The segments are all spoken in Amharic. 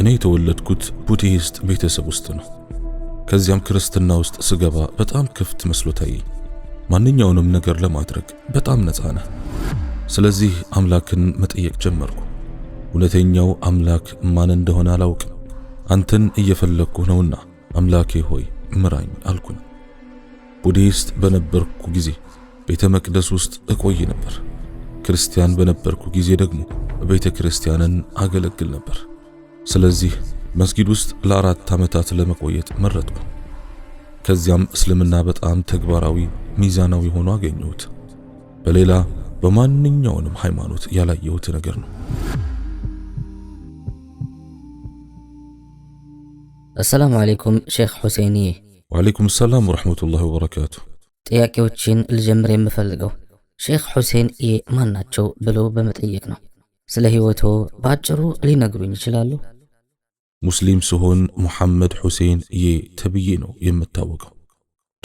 እኔ የተወለድኩት ቡዲሂስት ቤተሰብ ውስጥ ነው። ከዚያም ክርስትና ውስጥ ስገባ በጣም ክፍት መስሎ ታየኝ። ማንኛውንም ነገር ለማድረግ በጣም ነፃ ነህ። ስለዚህ አምላክን መጠየቅ ጀመርኩ። እውነተኛው አምላክ ማን እንደሆነ አላውቅም፣ አንተን እየፈለግኩ ነውና አምላኬ ሆይ ምራኝ አልኩን። ቡዲሂስት በነበርኩ ጊዜ ቤተ መቅደስ ውስጥ እቆይ ነበር። ክርስቲያን በነበርኩ ጊዜ ደግሞ ቤተ ክርስቲያንን አገለግል ነበር። ስለዚህ መስጊድ ውስጥ ለአራት ዓመታት ለመቆየት መረጡ። ከዚያም እስልምና በጣም ተግባራዊ፣ ሚዛናዊ ሆኖ አገኘሁት። በሌላ በማንኛውንም ሃይማኖት ያላየሁት ነገር ነው። አሰላሙ አለይኩም ሼክ ሁሴኒ። ወአለይኩም ሰላም ወረሕመቱላሂ ወበረካቱ። ጥያቄዎችን ልጀምር የምፈልገው ሼክ ሁሴን ማን ናቸው ብሎ በመጠየቅ ነው። ስለ ሕይወቶ በአጭሩ ሊነግሩኝ ይችላሉ? ሙስሊም ስሆን ሙሐመድ ሁሴን የ ተብዬ ነው የምታወቀው።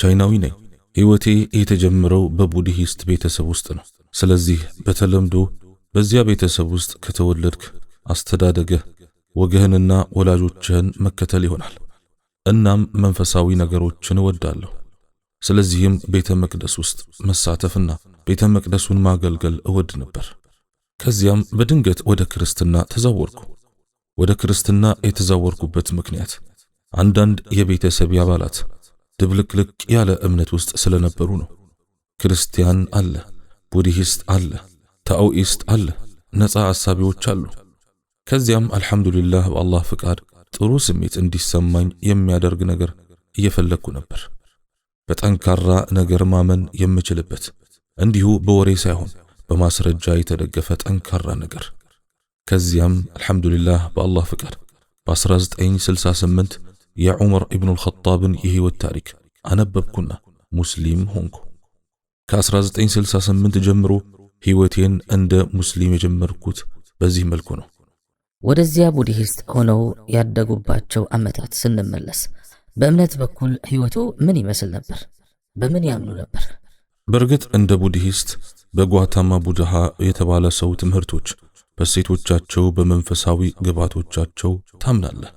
ቻይናዊ ነኝ። ሕይወቴ የተጀመረው በቡድሂስት ቤተሰብ ውስጥ ነው። ስለዚህ በተለምዶ በዚያ ቤተሰብ ውስጥ ከተወለድክ አስተዳደገህ ወገህንና ወላጆችህን መከተል ይሆናል። እናም መንፈሳዊ ነገሮችን እወዳለሁ። ስለዚህም ቤተ መቅደስ ውስጥ መሳተፍና ቤተ መቅደሱን ማገልገል እወድ ነበር። ከዚያም በድንገት ወደ ክርስትና ተዛወርኩ። ወደ ክርስትና የተዛወርኩበት ምክንያት አንዳንድ የቤተሰብ አባላት ድብልቅልቅ ያለ እምነት ውስጥ ስለነበሩ ነው። ክርስቲያን አለ፣ ቡዲሂስት አለ፣ ታኦኢስት አለ፣ ነፃ አሳቢዎች አሉ። ከዚያም አልሐምዱሊላህ በአላህ ፍቃድ ጥሩ ስሜት እንዲሰማኝ የሚያደርግ ነገር እየፈለግኩ ነበር። በጠንካራ ነገር ማመን የምችልበት እንዲሁ በወሬ ሳይሆን በማስረጃ የተደገፈ ጠንካራ ነገር ከዚያም አልሐምዱሊላህ በአላህ ፍቃድ በ1968 የዑመር ኢብኑል ኸጣብን የሕይወት ታሪክ አነበብኩና ሙስሊም ሆንኩ። ከ1968 ጀምሮ ሕይወቴን እንደ ሙስሊም የጀመርኩት በዚህ መልኩ ነው። ወደዚያ ቡድሂስት ሆነው ያደጉባቸው ዓመታት ስንመለስ በእምነት በኩል ሕይወቱ ምን ይመስል ነበር? በምን ያምኑ ነበር? በእርግጥ እንደ ቡድሂስት በጓታማ ቡድሃ የተባለ ሰው ትምህርቶች በሴቶቻቸው በመንፈሳዊ ግባቶቻቸው ታምናለህ።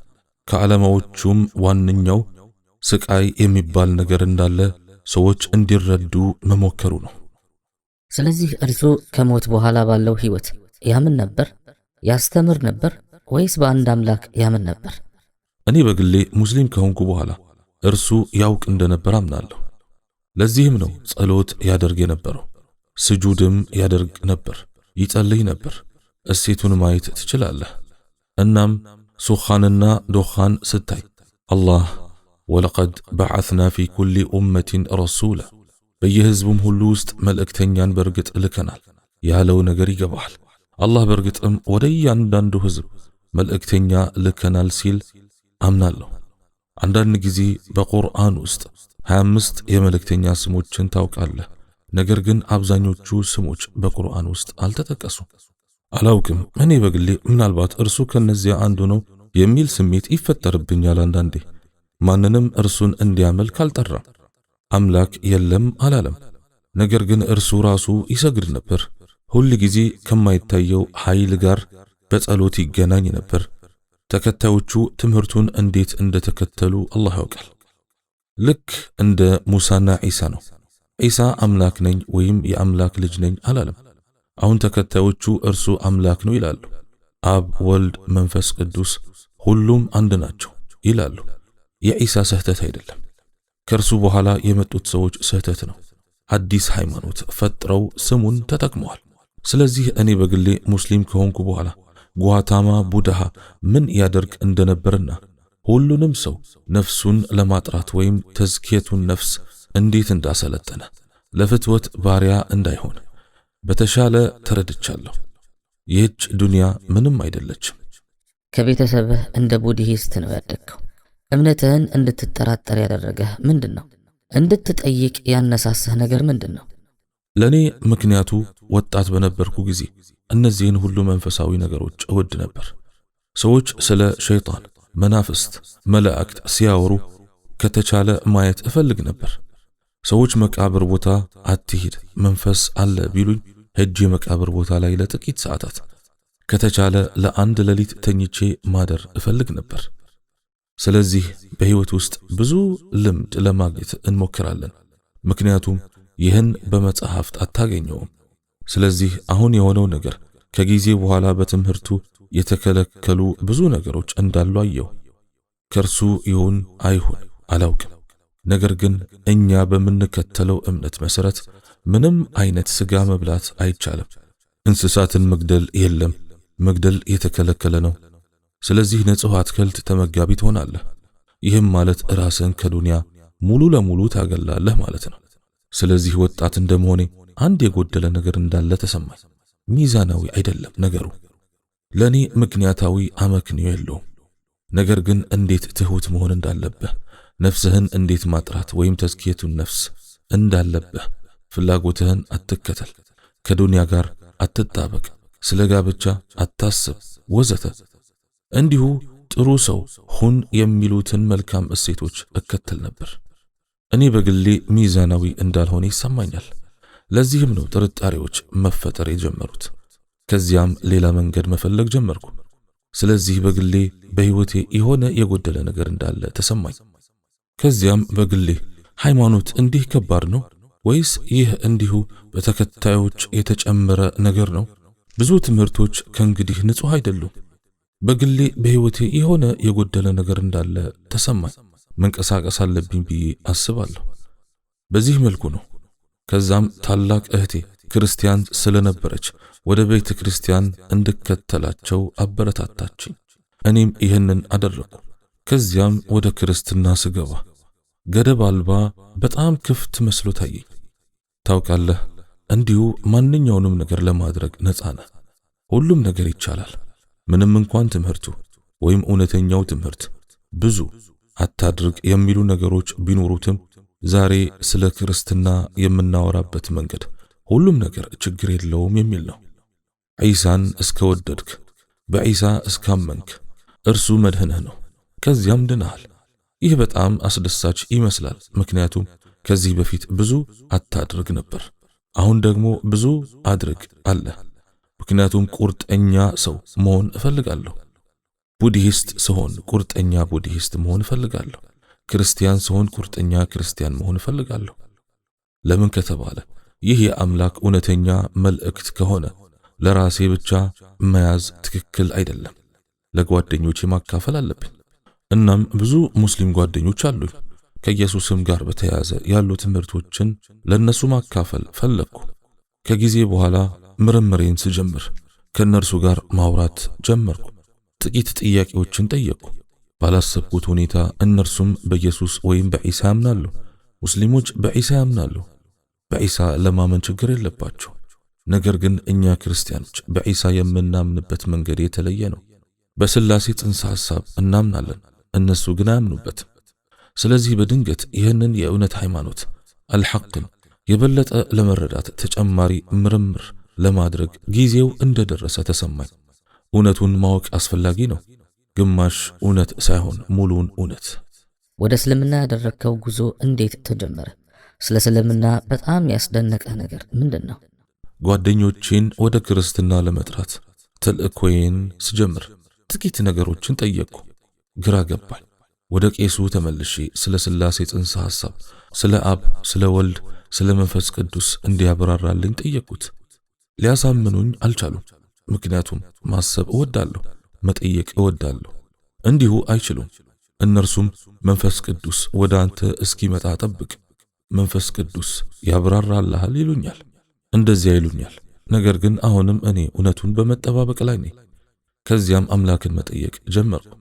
ከዓላማዎቹም ዋነኛው ስቃይ የሚባል ነገር እንዳለ ሰዎች እንዲረዱ መሞከሩ ነው። ስለዚህ እርሱ ከሞት በኋላ ባለው ሕይወት ያምን ነበር፣ ያስተምር ነበር ወይስ በአንድ አምላክ ያምን ነበር? እኔ በግሌ ሙስሊም ከሆንኩ በኋላ እርሱ ያውቅ እንደነበር አምናለሁ። ለዚህም ነው ጸሎት ያደርግ የነበረው፣ ስጁድም ያደርግ ነበር፣ ይጸልይ ነበር እሴቱን ማየት ትችላለህ። እናም ሱኻንና ዶኻን ስታይ አላህ ወለቀድ በዓትና ፊ ኩሊ ኡመቲን ረሱላ በየህዝቡም ሁሉ ውስጥ መልእክተኛን በርግጥ ልከናል ያለው ነገር ይገባሃል። አላህ በእርግጥም ወደ እያንዳንዱ ህዝብ መልእክተኛ ልከናል ሲል አምናለሁ። አንዳንድ ጊዜ በቁርአን ውስጥ 25 የመልእክተኛ ስሞችን ታውቃለህ። ነገር ግን አብዛኞቹ ስሞች በቁርአን ውስጥ አልተጠቀሱም። አላውቅም። እኔ በግሌ ምናልባት እርሱ ከነዚያ አንዱ ነው የሚል ስሜት ይፈጠርብኛል። አንዳንዴ ማንንም እርሱን እንዲያመልክ አልጠራም፣ አምላክ የለም አላለም። ነገር ግን እርሱ ራሱ ይሰግድ ነበር። ሁል ጊዜ ከማይታየው ኃይል ጋር በጸሎት ይገናኝ ነበር። ተከታዮቹ ትምህርቱን እንዴት እንደተከተሉ አላህ ያውቃል። ልክ እንደ ሙሳና ዒሳ ነው። ዒሳ አምላክ ነኝ ወይም የአምላክ ልጅ ነኝ አላለም። አሁን ተከታዮቹ እርሱ አምላክ ነው ይላሉ። አብ፣ ወልድ፣ መንፈስ ቅዱስ ሁሉም አንድ ናቸው ይላሉ። የኢሳ ስህተት አይደለም፣ ከእርሱ በኋላ የመጡት ሰዎች ስህተት ነው። አዲስ ሃይማኖት ፈጥረው ስሙን ተጠቅመዋል። ስለዚህ እኔ በግሌ ሙስሊም ከሆንኩ በኋላ ጓታማ ቡድሃ ምን ያደርግ እንደነበርና ሁሉንም ሰው ነፍሱን ለማጥራት ወይም ተዝኬቱን ነፍስ እንዴት እንዳሰለጠነ ለፍትወት ባሪያ እንዳይሆን በተሻለ ተረድቻለሁ። ይህች ዱንያ ምንም አይደለችም። ከቤተሰብህ እንደ ቡድሂስት ነው ያደግከው። እምነትህን እንድትጠራጠር ያደረገህ ምንድን ነው? እንድትጠይቅ ያነሳስህ ነገር ምንድን ነው? ለእኔ ምክንያቱ ወጣት በነበርኩ ጊዜ እነዚህን ሁሉ መንፈሳዊ ነገሮች እወድ ነበር። ሰዎች ስለ ሸይጣን፣ መናፍስት፣ መላእክት ሲያወሩ ከተቻለ ማየት እፈልግ ነበር። ሰዎች መቃብር ቦታ አትሂድ መንፈስ አለ ቢሉኝ ሄጄ የመቃብር ቦታ ላይ ለጥቂት ሰዓታት ከተቻለ ለአንድ ሌሊት ተኝቼ ማደር እፈልግ ነበር። ስለዚህ በህይወት ውስጥ ብዙ ልምድ ለማግኘት እንሞክራለን፣ ምክንያቱም ይህን በመጽሐፍት አታገኘውም። ስለዚህ አሁን የሆነው ነገር ከጊዜ በኋላ በትምህርቱ የተከለከሉ ብዙ ነገሮች እንዳሉ አየሁ። ከእርሱ ይሁን አይሁን አላውቅም። ነገር ግን እኛ በምንከተለው እምነት መሰረት ምንም አይነት ስጋ መብላት አይቻልም። እንስሳትን መግደል የለም። መግደል የተከለከለ ነው። ስለዚህ ንጹሕ አትክልት ተመጋቢ ትሆናለህ። ይህም ማለት ራስን ከዱንያ ሙሉ ለሙሉ ታገላለህ ማለት ነው። ስለዚህ ወጣት እንደመሆኔ አንድ የጎደለ ነገር እንዳለ ተሰማኝ። ሚዛናዊ አይደለም ነገሩ። ለእኔ ምክንያታዊ አመክንዮ የለውም። ነገር ግን እንዴት ትሑት መሆን እንዳለብህ፣ ነፍስህን እንዴት ማጥራት ወይም ተዝኪየቱን ነፍስ እንዳለብህ ፍላጎትህን አትከተል፣ ከዱንያ ጋር አትጣበቅ፣ ስለ ጋብቻ አታስብ፣ ወዘተ። እንዲሁ ጥሩ ሰው ሁን የሚሉትን መልካም እሴቶች እከተል ነበር። እኔ በግሌ ሚዛናዊ እንዳልሆነ ይሰማኛል። ለዚህም ነው ጥርጣሬዎች መፈጠር የጀመሩት። ከዚያም ሌላ መንገድ መፈለግ ጀመርኩ። ስለዚህ በግሌ በሕይወቴ የሆነ የጎደለ ነገር እንዳለ ተሰማኝ። ከዚያም በግሌ ሃይማኖት እንዲህ ከባድ ነው ወይስ ይህ እንዲሁ በተከታዮች የተጨመረ ነገር ነው? ብዙ ትምህርቶች ከእንግዲህ ንጹሕ አይደሉም። በግሌ በሕይወቴ የሆነ የጎደለ ነገር እንዳለ ተሰማኝ። መንቀሳቀስ አለብኝ ብዬ አስባለሁ። በዚህ መልኩ ነው። ከዛም ታላቅ እህቴ ክርስቲያን ስለነበረች ወደ ቤተ ክርስቲያን እንድከተላቸው አበረታታችኝ። እኔም ይህንን አደረግኩ። ከዚያም ወደ ክርስትና ስገባ ገደብ አልባ በጣም ክፍት መስሎ ታየኝ። ታውቃለህ፣ እንዲሁ ማንኛውንም ነገር ለማድረግ ነፃ ነህ። ሁሉም ነገር ይቻላል። ምንም እንኳን ትምህርቱ ወይም እውነተኛው ትምህርት ብዙ አታድርግ የሚሉ ነገሮች ቢኖሩትም ዛሬ ስለ ክርስትና የምናወራበት መንገድ ሁሉም ነገር ችግር የለውም የሚል ነው። ዒሳን እስከ ወደድክ፣ በዒሳ እስካመንክ እርሱ መድህንህ ነው። ከዚያም ድናሃል። ይህ በጣም አስደሳች ይመስላል፣ ምክንያቱም ከዚህ በፊት ብዙ አታድርግ ነበር፣ አሁን ደግሞ ብዙ አድርግ አለ። ምክንያቱም ቁርጠኛ ሰው መሆን እፈልጋለሁ። ቡድሂስት ስሆን ቁርጠኛ ቡድሂስት መሆን እፈልጋለሁ። ክርስቲያን ስሆን ቁርጠኛ ክርስቲያን መሆን እፈልጋለሁ። ለምን ከተባለ ይህ የአምላክ እውነተኛ መልእክት ከሆነ ለራሴ ብቻ መያዝ ትክክል አይደለም፣ ለጓደኞቼ ማካፈል አለብኝ። እናም ብዙ ሙስሊም ጓደኞች አሉኝ። ከኢየሱስም ጋር በተያያዘ ያሉ ትምህርቶችን ለእነሱ ማካፈል ፈለግኩ። ከጊዜ በኋላ ምርምሬን ስጀምር ከእነርሱ ጋር ማውራት ጀመርኩ። ጥቂት ጥያቄዎችን ጠየቅኩ። ባላሰብኩት ሁኔታ እነርሱም በኢየሱስ ወይም በዒሳ ያምናሉ። ሙስሊሞች በዒሳ ያምናሉ። በዒሳ ለማመን ችግር የለባቸው። ነገር ግን እኛ ክርስቲያኖች በዒሳ የምናምንበት መንገድ የተለየ ነው። በስላሴ ጽንሰ ሐሳብ እናምናለን፣ እነሱ ግን አያምኑበትም። ስለዚህ በድንገት ይህንን የእውነት ሃይማኖት አልሐቅን የበለጠ ለመረዳት ተጨማሪ ምርምር ለማድረግ ጊዜው እንደደረሰ ተሰማኝ። እውነቱን ማወቅ አስፈላጊ ነው፣ ግማሽ እውነት ሳይሆን ሙሉውን እውነት። ወደ እስልምና ያደረግከው ጉዞ እንዴት ተጀመረ? ስለ እስልምና በጣም ያስደነቀ ነገር ምንድን ነው? ጓደኞቼን ወደ ክርስትና ለመጥራት ተልእኮዬን ስጀምር ጥቂት ነገሮችን ጠየቅኩ፣ ግራ ገባኝ። ወደ ቄሱ ተመልሼ ስለ ሥላሴ ጽንሰ ሐሳብ፣ ስለ አብ፣ ስለ ወልድ፣ ስለ መንፈስ ቅዱስ እንዲያብራራልኝ ጠየቅኩት። ሊያሳምኑኝ አልቻሉም። ምክንያቱም ማሰብ እወዳለሁ፣ መጠየቅ እወዳለሁ። እንዲሁ አይችሉም። እነርሱም መንፈስ ቅዱስ ወደ አንተ እስኪመጣ ጠብቅ፣ መንፈስ ቅዱስ ያብራራልሃል ይሉኛል። እንደዚያ ይሉኛል። ነገር ግን አሁንም እኔ እውነቱን በመጠባበቅ ላይ ነኝ። ከዚያም አምላክን መጠየቅ ጀመርኩ።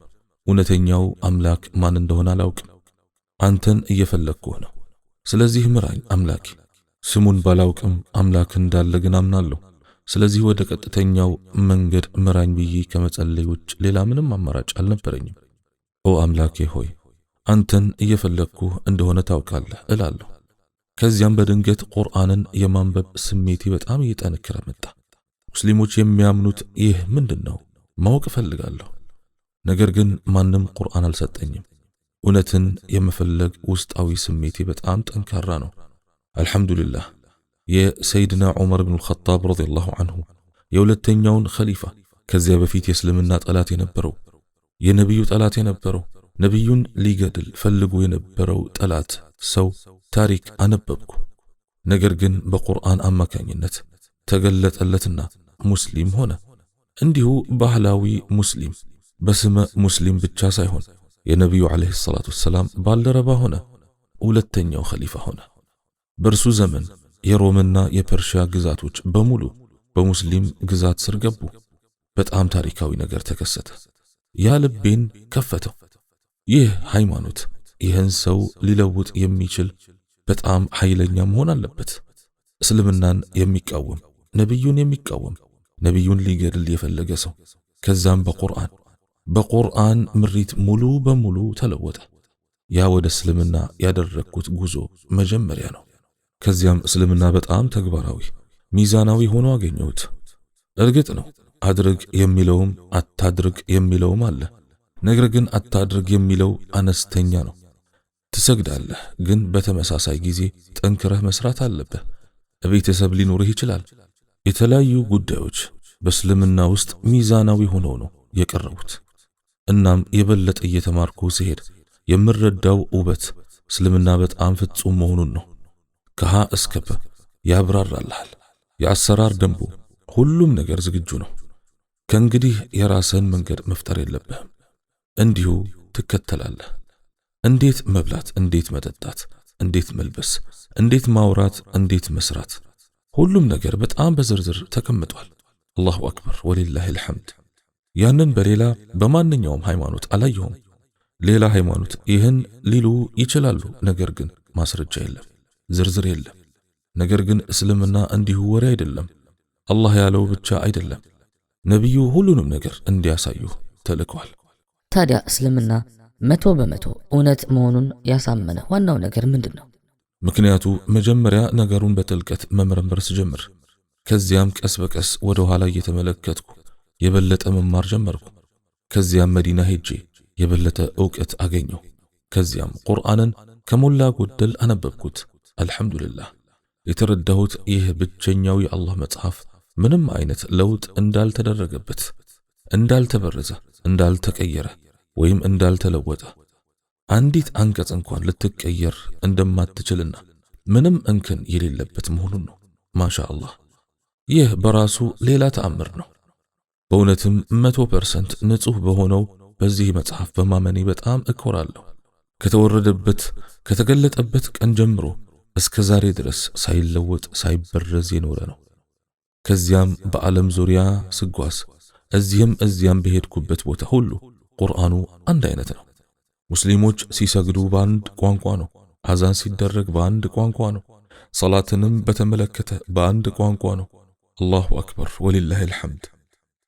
እውነተኛው አምላክ ማን እንደሆነ አላውቅም። አንተን እየፈለግኩህ ነው። ስለዚህ ምራኝ አምላኬ። ስሙን ባላውቅም አምላክ እንዳለ ግን አምናለሁ። ስለዚህ ወደ ቀጥተኛው መንገድ ምራኝ ብዬ ከመጸለይ ውጭ ሌላ ምንም አማራጭ አልነበረኝም። ኦ አምላኬ ሆይ አንተን እየፈለግኩህ እንደሆነ ታውቃለህ እላለሁ። ከዚያም በድንገት ቁርአንን የማንበብ ስሜቴ በጣም እየጠነከረ መጣ። ሙስሊሞች የሚያምኑት ይህ ምንድን ነው? ማወቅ እፈልጋለሁ። ነገር ግን ማንም ቁርአን አልሰጠኝም። እውነትን የመፈለግ ውስጣዊ ስሜቴ በጣም ጠንካራ ነው። አልሐምዱሊላህ የሰይድና ዑመር ብን ልኸጣብ ረዲየላሁ አንሁ የሁለተኛውን ኸሊፋ ከዚያ በፊት የእስልምና ጠላት የነበረው የነቢዩ ጠላት የነበረው ነቢዩን ሊገድል ፈልጎ የነበረው ጠላት ሰው ታሪክ አነበብኩ። ነገር ግን በቁርአን አማካኝነት ተገለጠለትና ሙስሊም ሆነ። እንዲሁ ባህላዊ ሙስሊም በስመ ሙስሊም ብቻ ሳይሆን የነቢዩ ዓለይሂ ሰላቱ ወሰላም ባልደረባ ሆነ፣ ሁለተኛው ኸሊፋ ሆነ። በእርሱ ዘመን የሮምና የፐርሺያ ግዛቶች በሙሉ በሙስሊም ግዛት ስር ገቡ። በጣም ታሪካዊ ነገር ተከሰተ። ያ ልቤን ከፈተው። ይህ ሃይማኖት ይህን ሰው ሊለውጥ የሚችል በጣም ኃይለኛ መሆን አለበት። እስልምናን የሚቃወም ነቢዩን የሚቃወም ነቢዩን ሊገድል የፈለገ ሰው ከዛም በቁርአን በቁርአን ምሪት ሙሉ በሙሉ ተለወጠ። ያ ወደ እስልምና ያደረግኩት ጉዞ መጀመሪያ ነው። ከዚያም እስልምና በጣም ተግባራዊ፣ ሚዛናዊ ሆኖ አገኘሁት። እርግጥ ነው አድርግ የሚለውም አታድርግ የሚለውም አለ። ነገር ግን አታድርግ የሚለው አነስተኛ ነው። ትሰግዳለህ፣ ግን በተመሳሳይ ጊዜ ጠንክረህ መስራት አለብህ። ቤተሰብ ሊኖርህ ይችላል። የተለያዩ ጉዳዮች በእስልምና ውስጥ ሚዛናዊ ሆነው ነው የቀረቡት። እናም የበለጠ እየተማርኩ ሲሄድ የምረዳው ውበት እስልምና በጣም ፍጹም መሆኑን ነው። ከሀ እስከ ፐ ያብራራልሃል። የአሰራር ደንቡ፣ ሁሉም ነገር ዝግጁ ነው። ከእንግዲህ የራስን መንገድ መፍጠር የለብህም። እንዲሁ ትከተላለህ። እንዴት መብላት፣ እንዴት መጠጣት፣ እንዴት መልበስ፣ እንዴት ማውራት፣ እንዴት መስራት፣ ሁሉም ነገር በጣም በዝርዝር ተቀምጧል። አላሁ አክበር ወሊላሂ አልሐምድ። ያንን በሌላ በማንኛውም ሃይማኖት አላየሁም። ሌላ ሃይማኖት ይህን ሊሉ ይችላሉ፣ ነገር ግን ማስረጃ የለም፣ ዝርዝር የለም። ነገር ግን እስልምና እንዲሁ ወሬ አይደለም፣ አላህ ያለው ብቻ አይደለም። ነቢዩ ሁሉንም ነገር እንዲያሳዩ ተልከዋል። ታዲያ እስልምና መቶ በመቶ እውነት መሆኑን ያሳመነ ዋናው ነገር ምንድን ነው? ምክንያቱ መጀመሪያ ነገሩን በጥልቀት መመርመር ስጀምር፣ ከዚያም ቀስ በቀስ ወደ ኋላ እየተመለከትኩ የበለጠ መማር ጀመርኩ። ከዚያም መዲና ሄጄ የበለጠ እውቀት አገኘሁ። ከዚያም ቁርአንን ከሞላ ጎደል አነበብኩት። አልሐምዱልላህ የተረዳሁት ይህ ብቸኛው የአላህ መጽሐፍ ምንም አይነት ለውጥ እንዳልተደረገበት፣ እንዳልተበረዘ፣ እንዳልተቀየረ ወይም እንዳልተለወጠ አንዲት አንቀጽ እንኳን ልትቀየር እንደማትችልና ምንም እንከን የሌለበት መሆኑን ነው። ማሻ አላህ ይህ በራሱ ሌላ ተአምር ነው። በእውነትም መቶ ፐርሰንት ንጹሕ በሆነው በዚህ መጽሐፍ በማመኔ በጣም እኮራለሁ። ከተወረደበት ከተገለጠበት ቀን ጀምሮ እስከ ዛሬ ድረስ ሳይለወጥ ሳይበረዝ የኖረ ነው። ከዚያም በዓለም ዙሪያ ስጓዝ እዚህም እዚያም በሄድኩበት ቦታ ሁሉ ቁርአኑ አንድ አይነት ነው። ሙስሊሞች ሲሰግዱ በአንድ ቋንቋ ነው። አዛን ሲደረግ በአንድ ቋንቋ ነው። ሰላትንም በተመለከተ በአንድ ቋንቋ ነው። አላሁ አክበር ወሊላሂ ልሐምድ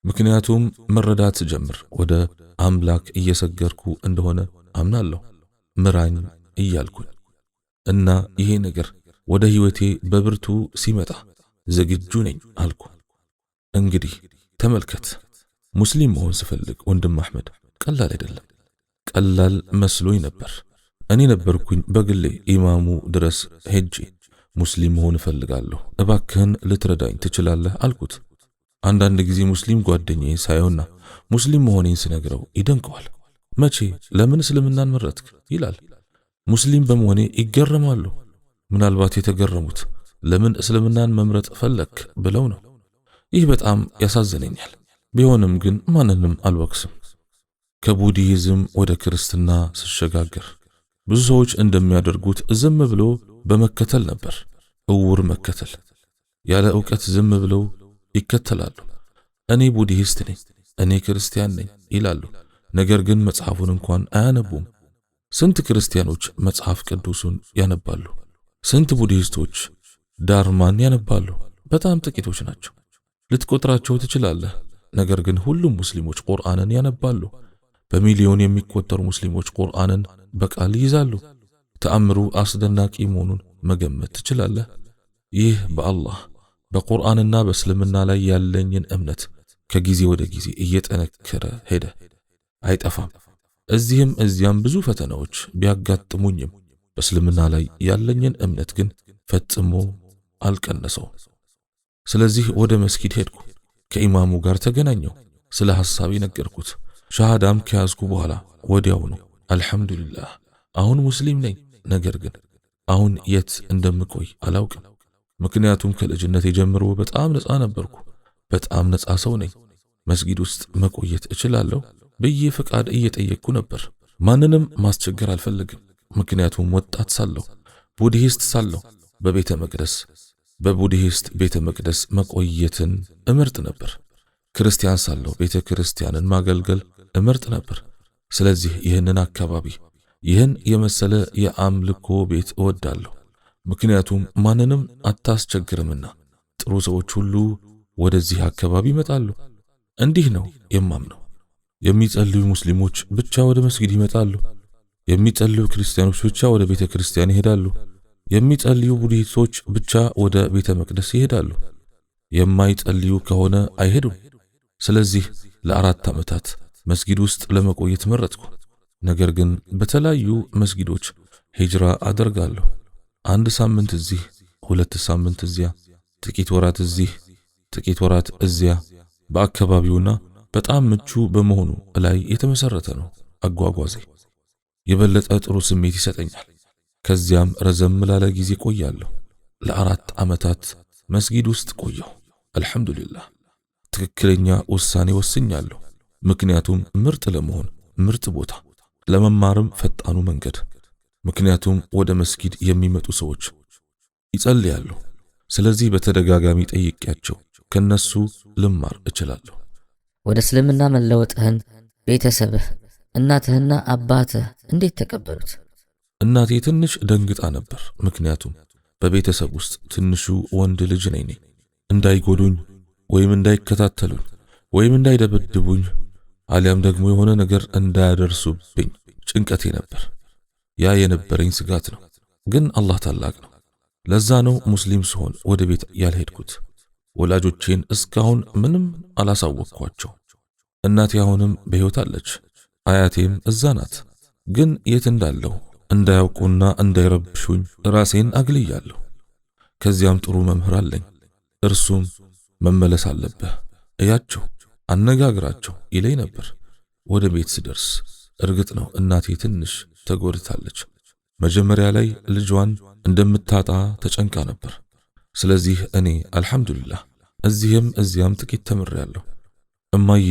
ምክንያቱም መረዳት ጀምር ወደ አምላክ እየሰገርኩ እንደሆነ አምናለሁ፣ ምራኝ እያልኩኝ እና ይሄ ነገር ወደ ህይወቴ በብርቱ ሲመጣ ዝግጁ ነኝ አልኩ። እንግዲህ ተመልከት፣ ሙስሊም መሆን ስፈልግ ወንድም አሕመድ ቀላል አይደለም። ቀላል መስሎኝ ነበር። እኔ ነበርኩኝ በግሌ ኢማሙ ድረስ ሄጄ ሙስሊም መሆን እፈልጋለሁ፣ እባክህን ልትረዳኝ ትችላለህ አልኩት። አንዳንድ ጊዜ ሙስሊም ጓደኛዬ ሳየውና ሙስሊም መሆኔን ስነግረው ይደንቀዋል። መቼ ለምን እስልምናን መረጥክ ይላል። ሙስሊም በመሆኔ ይገረማሉ። ምናልባት የተገረሙት ለምን እስልምናን መምረጥ ፈለክ ብለው ነው። ይህ በጣም ያሳዝነኛል። ቢሆንም ግን ማንንም አልወቅስም። ከቡዲሂዝም ወደ ክርስትና ስሸጋገር ብዙ ሰዎች እንደሚያደርጉት ዝም ብሎ በመከተል ነበር፣ እውር መከተል። ያለ ዕውቀት ዝም ብለው ይከተላሉ። እኔ ቡድሂስት ነኝ፣ እኔ ክርስቲያን ነኝ ይላሉ። ነገር ግን መጽሐፉን እንኳን አያነቡም። ስንት ክርስቲያኖች መጽሐፍ ቅዱሱን ያነባሉ? ስንት ቡድሂስቶች ዳርማን ያነባሉ? በጣም ጥቂቶች ናቸው። ልትቆጥራቸው ትችላለህ። ነገር ግን ሁሉም ሙስሊሞች ቁርአንን ያነባሉ። በሚሊዮን የሚቆጠሩ ሙስሊሞች ቁርአንን በቃል ይይዛሉ። ተአምሩ አስደናቂ መሆኑን መገመት ትችላለህ። ይህ በአላህ በቁርአንና በእስልምና ላይ ያለኝን እምነት ከጊዜ ወደ ጊዜ እየጠነከረ ሄደ። አይጠፋም። እዚህም እዚያም ብዙ ፈተናዎች ቢያጋጥሙኝም በእስልምና ላይ ያለኝን እምነት ግን ፈጽሞ አልቀነሰውም። ስለዚህ ወደ መስጊድ ሄድኩ። ከኢማሙ ጋር ተገናኘው። ስለ ሐሳብ የነገርኩት ሻሃዳም ከያዝኩ በኋላ ወዲያውኑ አልሐምዱሊላህ አሁን ሙስሊም ነኝ። ነገር ግን አሁን የት እንደምቆይ አላውቅም። ምክንያቱም ከልጅነት ጀምሮ በጣም ነፃ ነበርኩ። በጣም ነፃ ሰው ነኝ። መስጊድ ውስጥ መቆየት እችላለሁ ብዬ ፈቃድ እየጠየቅኩ ነበር። ማንንም ማስቸገር አልፈልግም። ምክንያቱም ወጣት ሳለሁ ቡድሂስት ሳለሁ በቤተ መቅደስ በቡድሂስት ቤተ መቅደስ መቆየትን እመርጥ ነበር። ክርስቲያን ሳለሁ ቤተ ክርስቲያንን ማገልገል እመርጥ ነበር። ስለዚህ ይህንን አካባቢ ይህን የመሰለ የአምልኮ ቤት እወዳለሁ። ምክንያቱም ማንንም አታስቸግርምና ጥሩ ሰዎች ሁሉ ወደዚህ አካባቢ ይመጣሉ። እንዲህ ነው የማምነው። የሚጸልዩ ሙስሊሞች ብቻ ወደ መስጊድ ይመጣሉ። የሚጸልዩ ክርስቲያኖች ብቻ ወደ ቤተ ክርስቲያን ይሄዳሉ። የሚጸልዩ ቡድሂስቶች ብቻ ወደ ቤተ መቅደስ ይሄዳሉ። የማይጸልዩ ከሆነ አይሄዱም። ስለዚህ ለአራት ዓመታት መስጊድ ውስጥ ለመቆየት መረጥኩ። ነገር ግን በተለያዩ መስጊዶች ሂጅራ አደርጋለሁ። አንድ ሳምንት እዚህ፣ ሁለት ሳምንት እዚያ፣ ጥቂት ወራት እዚህ፣ ጥቂት ወራት እዚያ በአካባቢውና በጣም ምቹ በመሆኑ ላይ የተመሰረተ ነው። አጓጓዜ የበለጠ ጥሩ ስሜት ይሰጠኛል። ከዚያም ረዘም ላለ ጊዜ ቆያለሁ። ለአራት ዓመታት መስጊድ ውስጥ ቆየሁ። አልሐምዱሊላህ ትክክለኛ ውሳኔ ወስኛለሁ። ምክንያቱም ምርጥ ለመሆን ምርጥ ቦታ፣ ለመማርም ፈጣኑ መንገድ ምክንያቱም ወደ መስጊድ የሚመጡ ሰዎች ይጸልያሉ። ስለዚህ በተደጋጋሚ ጠይቄያቸው ከነሱ ልማር እችላለሁ። ወደ እስልምና መለወጥህን ቤተሰብህ እናትህና አባትህ እንዴት ተቀበሉት? እናቴ ትንሽ ደንግጣ ነበር። ምክንያቱም በቤተሰብ ውስጥ ትንሹ ወንድ ልጅ ነኝ ነኝ እንዳይጎዱኝ ወይም እንዳይከታተሉኝ ወይም እንዳይደበድቡኝ አሊያም ደግሞ የሆነ ነገር እንዳያደርሱብኝ ጭንቀቴ ነበር። ያ የነበረኝ ስጋት ነው። ግን አላህ ታላቅ ነው። ለዛ ነው ሙስሊም ስሆን ወደ ቤት ያልሄድኩት። ወላጆቼን እስካሁን ምንም አላሳወቅኳቸው። እናቴ አሁንም በሕይወት አለች፣ አያቴም እዛ ናት። ግን የት እንዳለሁ እንዳያውቁና እንዳይረብሹኝ ራሴን አግልያለሁ። ከዚያም ጥሩ መምህር አለኝ። እርሱም መመለስ አለብህ እያቸው፣ አነጋግራቸው ይለኝ ነበር። ወደ ቤት ስደርስ እርግጥ ነው እናቴ ትንሽ ተጎድታለች። መጀመሪያ ላይ ልጇን እንደምታጣ ተጨንቃ ነበር። ስለዚህ እኔ አልሐምዱሊላህ እዚህም እዚያም ጥቂት ተምሬያለሁ። እማዬ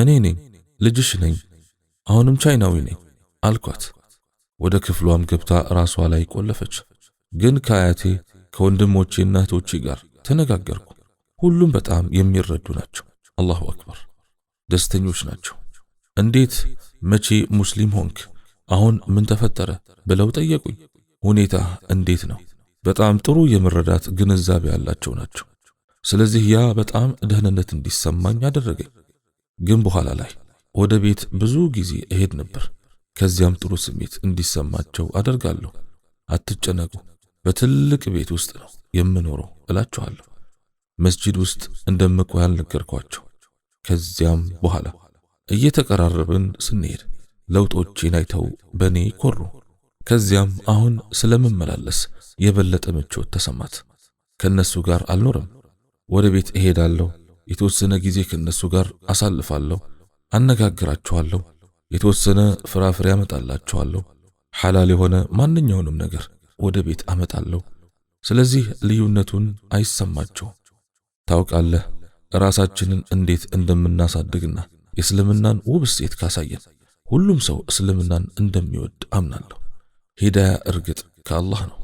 እኔ ነኝ ልጅሽ ነኝ፣ አሁንም ቻይናዊ ነኝ አልኳት። ወደ ክፍሏም ገብታ ራሷ ላይ ቆለፈች። ግን ከአያቴ ከወንድሞቼና እህቶቼ ጋር ተነጋገርኩ። ሁሉም በጣም የሚረዱ ናቸው። አላሁ አክበር ደስተኞች ናቸው። እንዴት መቼ ሙስሊም ሆንክ አሁን ምን ተፈጠረ ብለው ጠየቁኝ። ሁኔታ እንዴት ነው? በጣም ጥሩ የመረዳት ግንዛቤ ያላቸው ናቸው። ስለዚህ ያ በጣም ደህንነት እንዲሰማኝ አደረገኝ። ግን በኋላ ላይ ወደ ቤት ብዙ ጊዜ እሄድ ነበር። ከዚያም ጥሩ ስሜት እንዲሰማቸው አደርጋለሁ። አትጨነቁ፣ በትልቅ ቤት ውስጥ ነው የምኖረው እላችኋለሁ። መስጂድ ውስጥ እንደምቆይ አልነገርኳቸው። ከዚያም በኋላ እየተቀራረብን ስንሄድ ለውጦቼን አይተው በእኔ ኮሩ። ከዚያም አሁን ስለምመላለስ የበለጠ ምቾት ተሰማት። ከነሱ ጋር አልኖርም። ወደ ቤት እሄዳለሁ። የተወሰነ ጊዜ ከነሱ ጋር አሳልፋለሁ። አነጋግራችኋለሁ። የተወሰነ ፍራፍሬ አመጣላችኋለሁ። ሐላል የሆነ ማንኛውንም ነገር ወደ ቤት አመጣለሁ። ስለዚህ ልዩነቱን አይሰማቸው። ታውቃለህ ራሳችንን እንዴት እንደምናሳድግና የእስልምናን ውብ እሴት ካሳየን ሁሉም ሰው እስልምናን እንደሚወድ አምናለሁ። ሂዳያ እርግጥ ከአላህ ነው።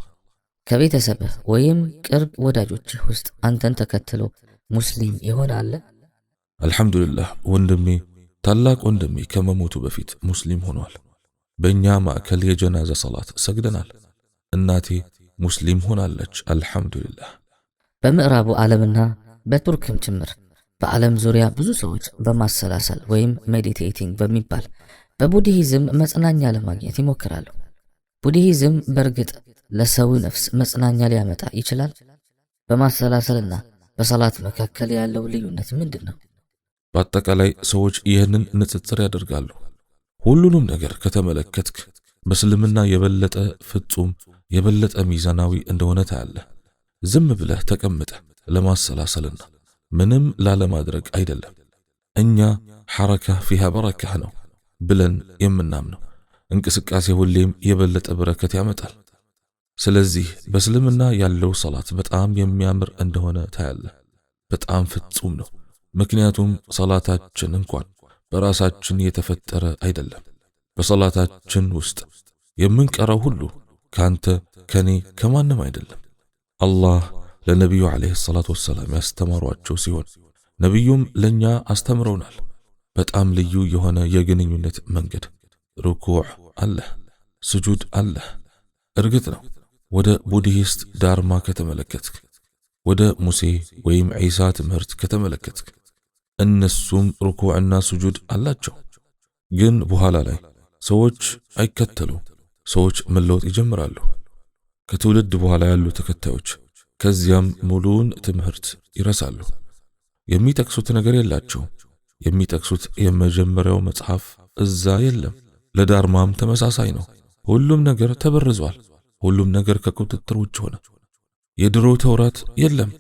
ከቤተሰብህ ወይም ቅርብ ወዳጆችህ ውስጥ አንተን ተከትሎ ሙስሊም የሆነ አለ? አልሐምዱሊላህ ወንድሜ፣ ታላቅ ወንድሜ ከመሞቱ በፊት ሙስሊም ሆኗል። በእኛ ማዕከል የጀናዛ ሰላት ሰግደናል። እናቴ ሙስሊም ሆናለች። አልሐምዱሊላህ። በምዕራቡ ዓለምና በቱርክም ጭምር በዓለም ዙሪያ ብዙ ሰዎች በማሰላሰል ወይም ሜዲቴቲንግ በሚባል በቡድሂዝም መጽናኛ ለማግኘት ይሞክራሉ። ቡድሂዝም በእርግጥ ለሰው ነፍስ መጽናኛ ሊያመጣ ይችላል? በማሰላሰልና በሰላት መካከል ያለው ልዩነት ምንድን ነው? በአጠቃላይ ሰዎች ይህንን ንጽጽር ያደርጋሉ። ሁሉንም ነገር ከተመለከትክ በእስልምና የበለጠ ፍጹም፣ የበለጠ ሚዛናዊ እንደሆነ ታያለህ። ዝም ብለህ ተቀምጠ ለማሰላሰልና ምንም ላለማድረግ አይደለም። እኛ ሐረካ ፊሃ በረካህ ነው። ብለን የምናምነው እንቅስቃሴ ሁሌም የበለጠ በረከት ያመጣል። ስለዚህ በእስልምና ያለው ሰላት በጣም የሚያምር እንደሆነ ታያለ። በጣም ፍጹም ነው። ምክንያቱም ሰላታችን እንኳን በራሳችን የተፈጠረ አይደለም። በሰላታችን ውስጥ የምንቀራው ሁሉ ካንተ፣ ከኔ፣ ከማንም አይደለም። አላህ ለነቢዩ ዓለይሂ ሰላቱ ወሰላም ያስተማሯቸው ሲሆን ነቢዩም ለእኛ አስተምረውናል። በጣም ልዩ የሆነ የግንኙነት መንገድ ሩኩዕ አለ፣ ስጁድ አለ። እርግጥ ነው ወደ ቡድሂስት ዳርማ ከተመለከትክ፣ ወደ ሙሴ ወይም ዒሳ ትምህርት ከተመለከትክ እነሱም ሩኩዕና ስጁድ አላቸው። ግን በኋላ ላይ ሰዎች አይከተሉ፣ ሰዎች መለወጥ ይጀምራሉ። ከትውልድ በኋላ ያሉ ተከታዮች ከዚያም ሙሉውን ትምህርት ይረሳሉ። የሚጠቅሱት ነገር የላቸው። የሚጠቅሱት የመጀመሪያው መጽሐፍ እዛ የለም። ለዳርማም ተመሳሳይ ነው። ሁሉም ነገር ተበርዟል። ሁሉም ነገር ከቁጥጥር ውጭ ሆነ። የድሮ ተውራት የለም፣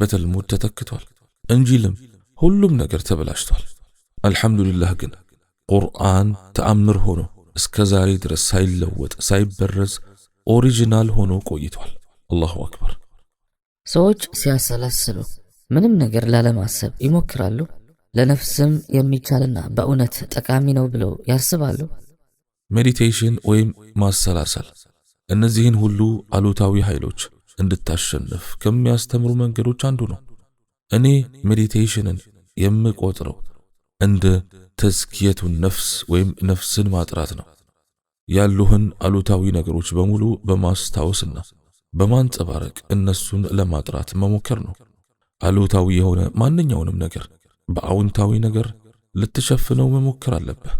በተልሙድ ተተክቷል። እንጂልም ሁሉም ነገር ተበላሽቷል። አልሐምዱሊላህ ግን ቁርአን ተአምር ሆኖ እስከ ዛሬ ድረስ ሳይለወጥ ሳይበረዝ ኦሪጂናል ሆኖ ቆይቷል። አላሁ አክበር። ሰዎች ሲያሰላስሉ ምንም ነገር ላለማሰብ ይሞክራሉ። ለነፍስም የሚቻልና በእውነት ጠቃሚ ነው ብለው ያስባሉ? ሜዲቴሽን ወይም ማሰላሰል እነዚህን ሁሉ አሉታዊ ኃይሎች እንድታሸንፍ ከሚያስተምሩ መንገዶች አንዱ ነው። እኔ ሜዲቴሽንን የምቆጥረው እንደ ተዝኪየቱን ነፍስ ወይም ነፍስን ማጥራት ነው። ያሉህን አሉታዊ ነገሮች በሙሉ በማስታወስና በማንጸባረቅ እነሱን ለማጥራት መሞከር ነው። አሉታዊ የሆነ ማንኛውንም ነገር በአዎንታዊ ነገር ልትሸፍነው መሞከር አለብህ።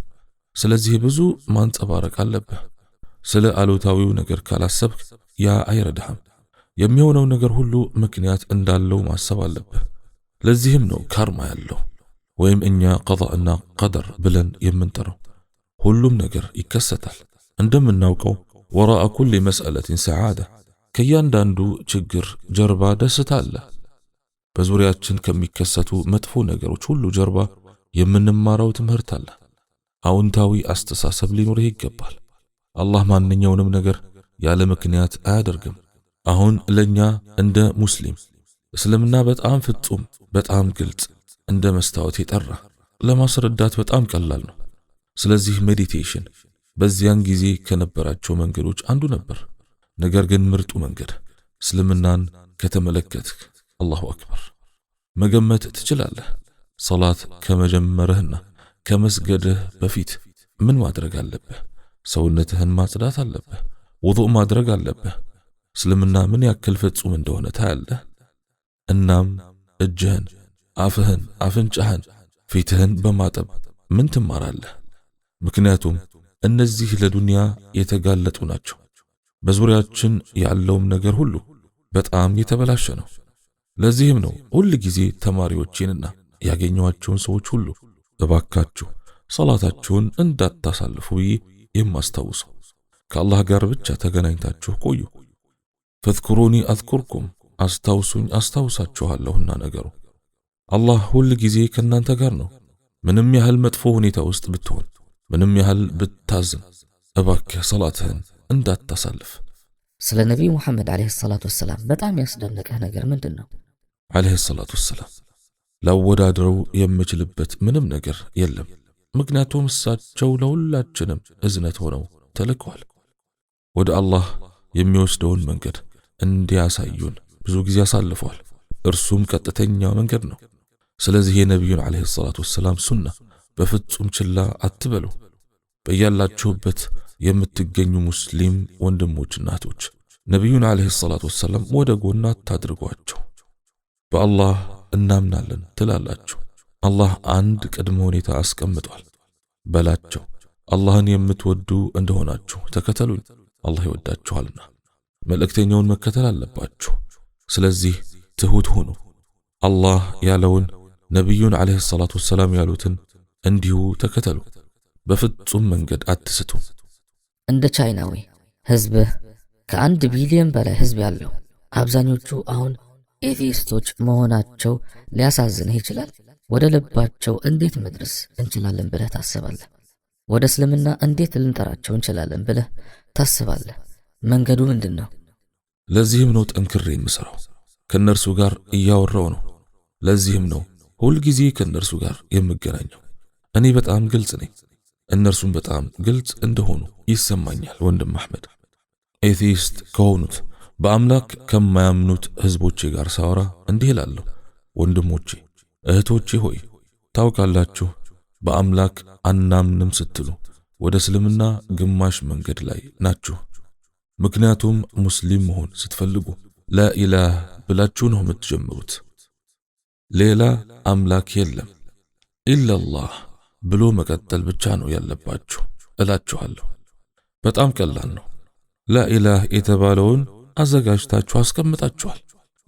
ስለዚህ ብዙ ማንጸባረቅ አለብህ። ስለ አሉታዊው ነገር ካላሰብክ ያ አይረዳህም። የሚሆነው ነገር ሁሉ ምክንያት እንዳለው ማሰብ አለብህ። ለዚህም ነው ካርማ ያለው ወይም እኛ ቀዳ እና ቀደር ብለን የምንጠራው። ሁሉም ነገር ይከሰታል። እንደምናውቀው ወራአ ኩሊ መስአለትን ሰዓዳ፣ ከእያንዳንዱ ችግር ጀርባ ደስታ አለ። በዙሪያችን ከሚከሰቱ መጥፎ ነገሮች ሁሉ ጀርባ የምንማረው ትምህርት አለ። አዎንታዊ አስተሳሰብ ሊኖርህ ይገባል። አላህ ማንኛውንም ነገር ያለ ምክንያት አያደርግም። አሁን ለኛ እንደ ሙስሊም እስልምና በጣም ፍጹም፣ በጣም ግልጽ፣ እንደ መስታወት የጠራ ለማስረዳት በጣም ቀላል ነው። ስለዚህ ሜዲቴሽን በዚያን ጊዜ ከነበራቸው መንገዶች አንዱ ነበር። ነገር ግን ምርጡ መንገድ እስልምናን ከተመለከትክ አላሁ አክበር። መገመት ትችላለህ። ሰላት ከመጀመርህና ከመስገድህ በፊት ምን ማድረግ አለብህ? ሰውነትህን ማጽዳት አለብህ። ውዱእ ማድረግ አለብህ። እስልምና ምን ያክል ፍጹም እንደሆነ ታያለህ። እናም እጅህን፣ አፍህን፣ አፍንጫህን፣ ፊትህን በማጠብ ምን ትማራለህ? ምክንያቱም እነዚህ ለዱንያ የተጋለጡ ናቸው። በዙሪያችን ያለውም ነገር ሁሉ በጣም የተበላሸ ነው። ለዚህም ነው ሁል ጊዜ ተማሪዎቼንና ያገኘኋቸውን ሰዎች ሁሉ እባካችሁ ሰላታችሁን እንዳታሳልፉ ብዬ የማስታውሰው። ከአላህ ጋር ብቻ ተገናኝታችሁ ቆዩ። ፈዝኩሩኒ አዝኩርኩም፣ አስታውሱኝ አስታውሳችኋለሁና ነገሩ አላህ ሁል ጊዜ ከእናንተ ጋር ነው። ምንም ያህል መጥፎ ሁኔታ ውስጥ ብትሆን፣ ምንም ያህል ብታዝን፣ እባክህ ሰላትህን እንዳታሳልፍ። ስለ ነቢዩ ሙሐመድ ዓለይሂ ሰላቱ ወሰላም በጣም ያስደነቀህ ነገር ምንድን ነው? ዓለይሂ ሰላቱ ወሰላም ላወዳድረው የምችልበት ምንም ነገር የለም። ምክንያቱም እሳቸው ለሁላችንም እዝነት ሆነው ተልከዋል። ወደ አላህ የሚወስደውን መንገድ እንዲያሳዩን ብዙ ጊዜ አሳልፈዋል። እርሱም ቀጥተኛ መንገድ ነው። ስለዚህ የነቢዩን ዓለይሂ ሰላቱ ወሰላም ሱና በፍጹም ችላ አትበሉ። በያላችሁበት የምትገኙ ሙስሊም ወንድሞች፣ እናቶች ነቢዩን ዓለይሂ ሰላቱ ወሰላም ወደ ጎና አታድርጓቸው። በአላህ እናምናለን ትላላችሁ። አላህ አንድ ቅድመ ሁኔታ አስቀምጧል። በላቸው አላህን የምትወዱ እንደሆናችሁ ተከተሉኝ፣ አላህ ይወዳችኋልና መልእክተኛውን መከተል አለባችሁ። ስለዚህ ትሑት ሁኑ። አላህ ያለውን ነቢዩን ዓለይሂ ሰላቱ ወሰላም ያሉትን እንዲሁ ተከተሉ። በፍጹም መንገድ አትስቱ። እንደ ቻይናዊ ህዝብህ ከአንድ ቢሊዮን በላይ ህዝብ ያለው አብዛኞቹ አሁን ኤቲስቶች መሆናቸው ሊያሳዝንህ ይችላል። ወደ ልባቸው እንዴት መድረስ እንችላለን ብለህ ታስባለህ? ወደ እስልምና እንዴት ልንጠራቸው እንችላለን ብለህ ታስባለህ? መንገዱ ምንድን ነው? ለዚህም ነው ጠንክሬ የምሰራው። ከእነርሱ ጋር እያወራው ነው። ለዚህም ነው ሁልጊዜ ከእነርሱ ጋር የምገናኘው። እኔ በጣም ግልጽ ነኝ፣ እነርሱም በጣም ግልጽ እንደሆኑ ይሰማኛል። ወንድም አሕመድ ኤቲስት ከሆኑት በአምላክ ከማያምኑት ሕዝቦቼ ጋር ሳወራ እንዲህ እላለሁ፣ ወንድሞቼ እህቶቼ ሆይ ታውቃላችሁ፣ በአምላክ አናምንም ስትሉ ወደ እስልምና ግማሽ መንገድ ላይ ናችሁ። ምክንያቱም ሙስሊም መሆን ስትፈልጉ ላኢላህ ብላችሁ ነው የምትጀምሩት። ሌላ አምላክ የለም ኢላላህ ብሎ መቀጠል ብቻ ነው ያለባችሁ እላችኋለሁ። በጣም ቀላል ነው። ላኢላህ የተባለውን አዘጋጅታችሁ አስቀምጣችኋል።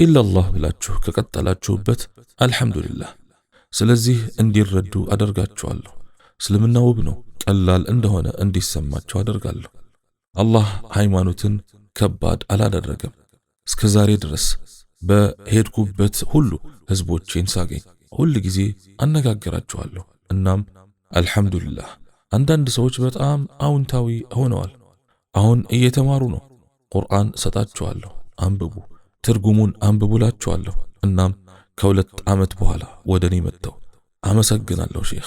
ኢላላህ ብላችሁ ከቀጠላችሁበት አልሐምዱሊላህ። ስለዚህ እንዲረዱ አደርጋችኋለሁ። እስልምና ውብ ነው፣ ቀላል እንደሆነ እንዲሰማቸው አደርጋለሁ። አላህ ሃይማኖትን ከባድ አላደረገም። እስከ ዛሬ ድረስ በሄድኩበት ሁሉ ህዝቦቼን ሳገኝ ሁል ጊዜ አነጋግራችኋለሁ። እናም አልሐምዱሊላህ አንዳንድ ሰዎች በጣም አውንታዊ ሆነዋል። አሁን እየተማሩ ነው። ቁርአን ሰጣችኋለሁ፣ አንብቡ፣ ትርጉሙን አንብቡላችኋለሁ። እናም ከሁለት ዓመት በኋላ ወደ እኔ መጥተው አመሰግናለሁ ሼህ፣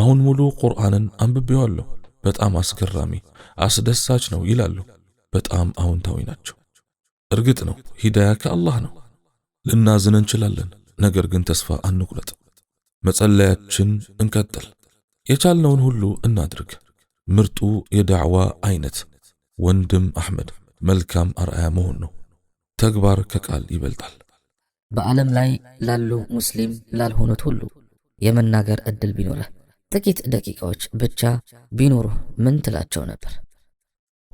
አሁን ሙሉ ቁርአንን አንብቤዋለሁ፣ በጣም አስገራሚ አስደሳች ነው ይላሉ። በጣም አዎንታዊ ናቸው። እርግጥ ነው ሂዳያ ከአላህ ነው። ልናዝን እንችላለን፣ ነገር ግን ተስፋ አንቁረጥ። መጸለያችን እንቀጥል። የቻልነውን ሁሉ እናድርግ። ምርጡ የዳዕዋ አይነት ወንድም አሕመድ መልካም አርአያ መሆን ነው። ተግባር ከቃል ይበልጣል። በዓለም ላይ ላሉ ሙስሊም ላልሆኑት ሁሉ የመናገር እድል ቢኖረህ ጥቂት ደቂቃዎች ብቻ ቢኖሩህ ምን ትላቸው ነበር?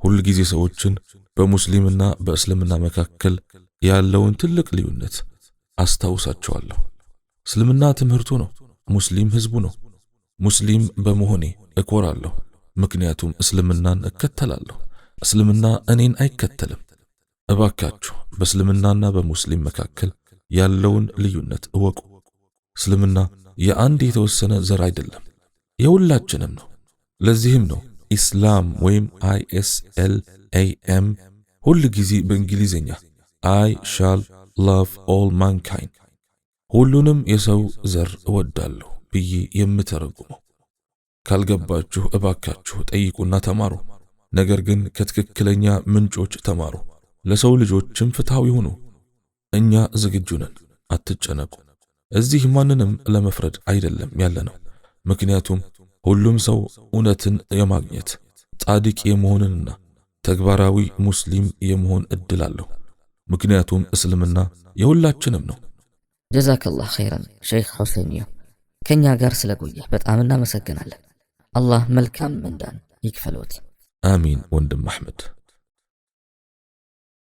ሁል ጊዜ ሰዎችን በሙስሊምና በእስልምና መካከል ያለውን ትልቅ ልዩነት አስታውሳቸዋለሁ። እስልምና ትምህርቱ ነው፣ ሙስሊም ህዝቡ ነው። ሙስሊም በመሆኔ እኮራለሁ፣ ምክንያቱም እስልምናን እከተላለሁ። እስልምና እኔን አይከተልም። እባካችሁ በእስልምናና በሙስሊም መካከል ያለውን ልዩነት እወቁ። እስልምና የአንድ የተወሰነ ዘር አይደለም፣ የሁላችንም ነው። ለዚህም ነው ኢስላም ወይም አይ ኤስ ኤል ሁል ጊዜ በእንግሊዝኛ አይ ሻል ላቭ ኦል ማንካይን ሁሉንም የሰው ዘር እወዳለሁ ብዬ የምተረጉመው። ካልገባችሁ እባካችሁ ጠይቁና ተማሩ። ነገር ግን ከትክክለኛ ምንጮች ተማሩ፣ ለሰው ልጆችም ፍትሃዊ ሁኑ። እኛ ዝግጁ ነን፣ አትጨነቁ። እዚህ ማንንም ለመፍረድ አይደለም ያለ ነው። ምክንያቱም ሁሉም ሰው እውነትን የማግኘት ጻድቅ የመሆንንና ተግባራዊ ሙስሊም የመሆን እድል አለው። ምክንያቱም እስልምና የሁላችንም ነው። ጀዛከላህ ኸይረን ሸይኽ ሑሴንዮ፣ ከእኛ ጋር ስለቆየህ በጣም እናመሰግናለን። አላህ መልካም ምንዳን ይክፈልዎት። آمين وندم محمد